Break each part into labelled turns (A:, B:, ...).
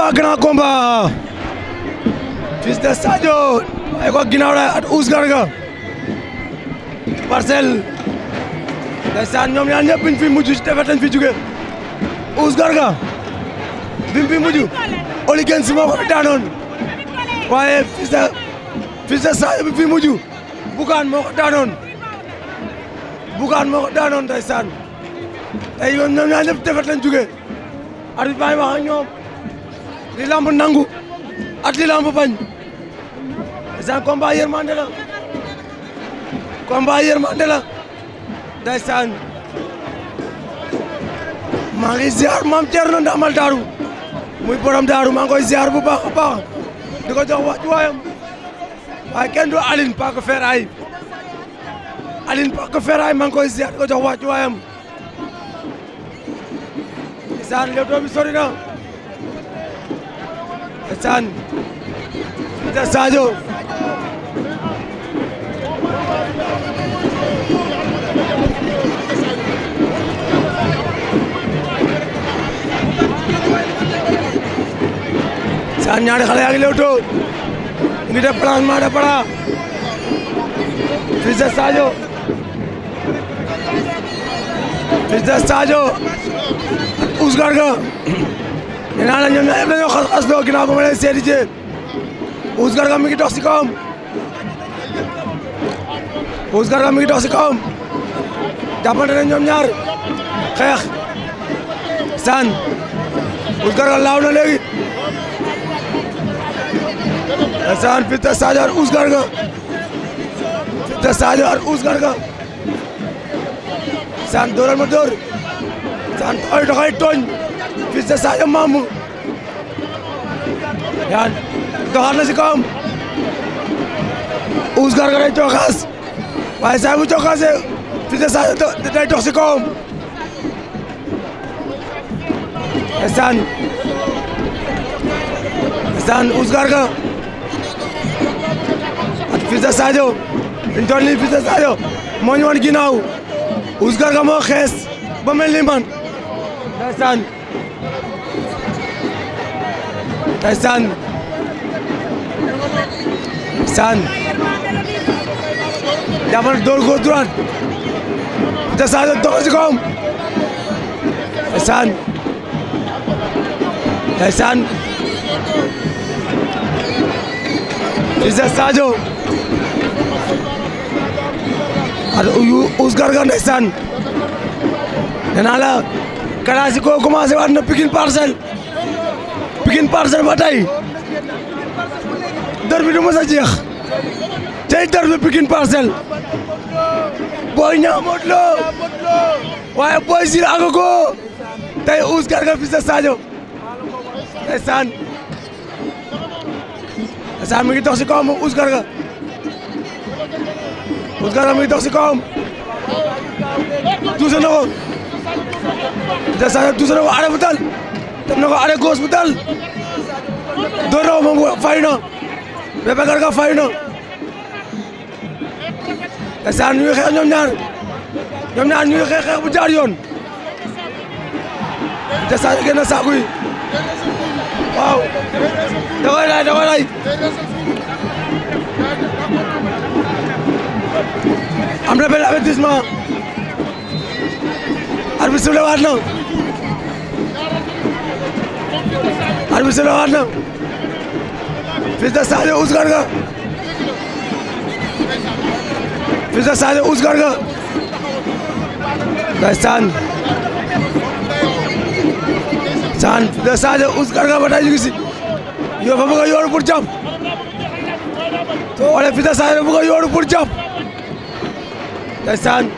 A: combat grand combat fils de Sadio ay ko ginnaaw la at uus garga parcelle ndeysaan ñoom ñaar ñëpp biñ fi mujj ci defet lañ fi jóge uus si moo ko waaye fils de fils de Sadio biñ fi mujj bukaan moo ko daanoon bukaan moo ko daanoon ndeysaan tey ñoom ñaar ñëpp li lamb nangu ak li bañ ndeysaan combat yërmande la combat yërmande la maa ngi ziar maam Thierno Ndamal Daaru muy borom daaru maa ngi koy ziar bu baax a di ko jox wàccu waayam kenn du Aline Pack Ferraille Aline Pack Ferraille maa ngi koy ziar di ko jox wàccu waayam ziar saan te Sadio saan ñaari xale yaa ngi la ñoom ñaar yëpp dañoo xas aspect ginnaaw ba jee Ouss Garga mi dox si kawam Ouss Garga ñoom ñaar xeex saan Ouss Garga laaw na léegi saan fii te Sadio ak Ouss Garga fii te Sadio ak saan dooral ma door saan ay doxay tooñ fils de Sadio Mamour yaa na si kawam Ouz Garga day coxaas waaye saa mu coxaasee fils de Sadio day dox si kawam ndeysaan ndeysaan Ouz Garga ak fils de Sadio ñu toll moo ginnaaw Ouz xees ba mel ni man ndeysaan tey saan door ko droite te Sadio dox ci kawam tey saan tey saan naa la classico commencé waat na Pikine Parcelles Pikine Parcelles ba tey dër bi du mës a jeex tey waaye Boy Jules Agago tey Ouz Garga fils de Sadio ndeysaan ndeysaan mi ngi dox si kawam moom Ouz Garga Ouz mi ngi dox kawam tuuse na ko fils de Sadio tuuse na ko arrêté na ko arrêt gauche bu dal door na ko moom fayu na Garga fayu na ndeysaan ñu xeex ñoom ñaar ñoom xeex xeex bu jaar yoon ndeysaan na saaku waaw da koy am na benn avertissement arbitre bi sifflé waat arbitre la waat na Fils de Saly us Garga Fils de Saly us Garga ndeysaan saan Fils de Saly us Garga ba tey ñu ngi si yoo fa bëgg a yooru pour jàpp soo wala Fils de Saly bëgg a yooru pour jàpp ndeysaan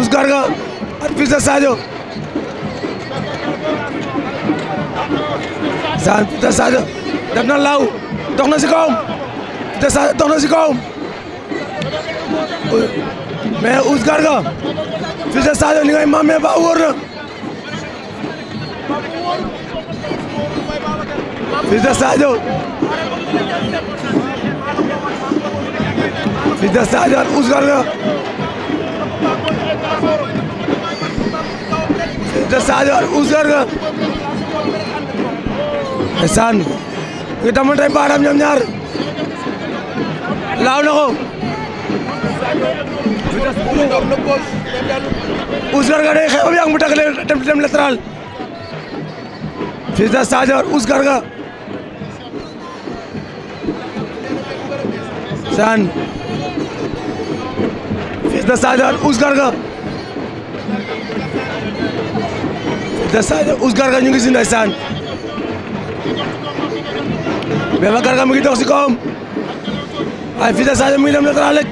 A: us Garga ak Fils de Saly Sa Sadio def na laaw dox na si kawam te Sadio dox na si kawam mais Ouss Garga fils de Sadio ni ngay maamee ba wóor na fils de Sadio fils Garga fils de Sadio ak Garga ndeysaan ngi damante baaraam ñoom ñaar laaw na ko Zoss Garga day xeex yang bu takkale dem dem latéral Fils de Sadio Zoss Garga saan Fils de Sadio Zoss Garga ñu ngi si ndeysaan Bébé Garga mu ngi dox si kawam waaye Fils mu ngi dem latéral rek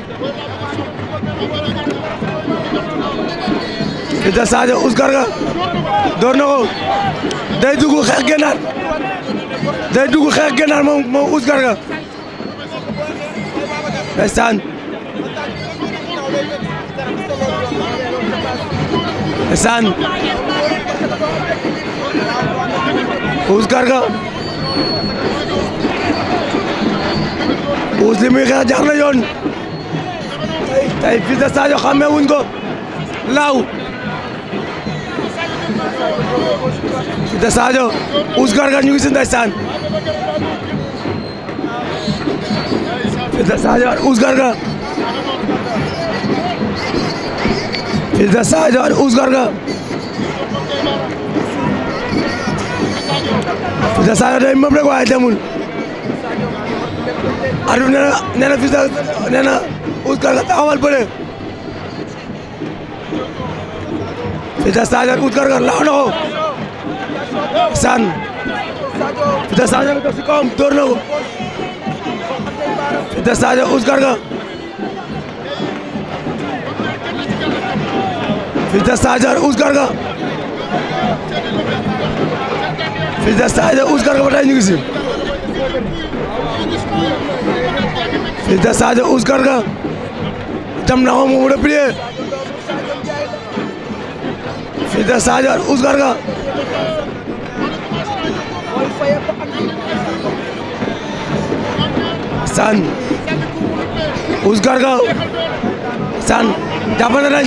A: Fils de Sadio us Garga door na ko day dugg xeex gennaat day dugg xeex gennaat moom moom us Garga ndeysaan ndeysaan us Ouss li muy xeex jaar na yoon tey tey ko laaw fils de Sadio ñu ngi si ndeysaan fils de Sadio ak Ouss Garga fils de arbitre nee na nee na Fils de nee taxawal bëre Fils de Sa Ndiaye Ouzkang laaw na ko san Fils de Sa Ndiaye toog si kawam dóor na ko Fils de Sa Ndiaye Ouzkang ba tey ñu fils de Sadio us garga jam na ko mu replié fils de Sadio us garga san us garga san jàppante nañ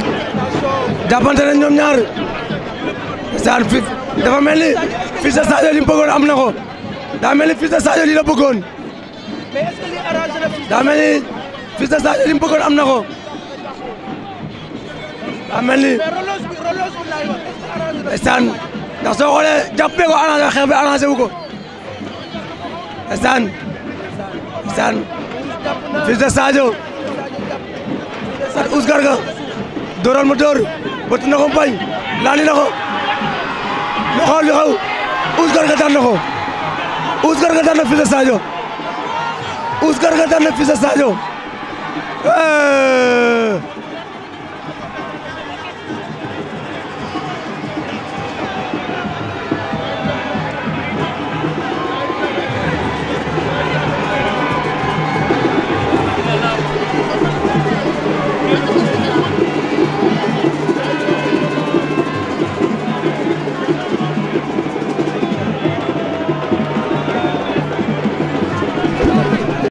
A: jàppante nañ ñoom ñaar san fils dafa mel ni fils de Sadio li mu bëggoon am na ko daa mel ni fils de Sadio li la bëggoon mais est-ce que na Fils de am na ko. daa mel ni. mais relance soo xoolee jàppee ko arrangé xeex bi arrangé wu ko. ndeysaan. ndeysaan. Fils de Sadio. Sat Us Garga. dooral ma door bëtt na ko bañ laali na ko lu li xaw Us Garga daan na ko Us Garga daan na Fils de Ouz Garga daan na Fils de Sadio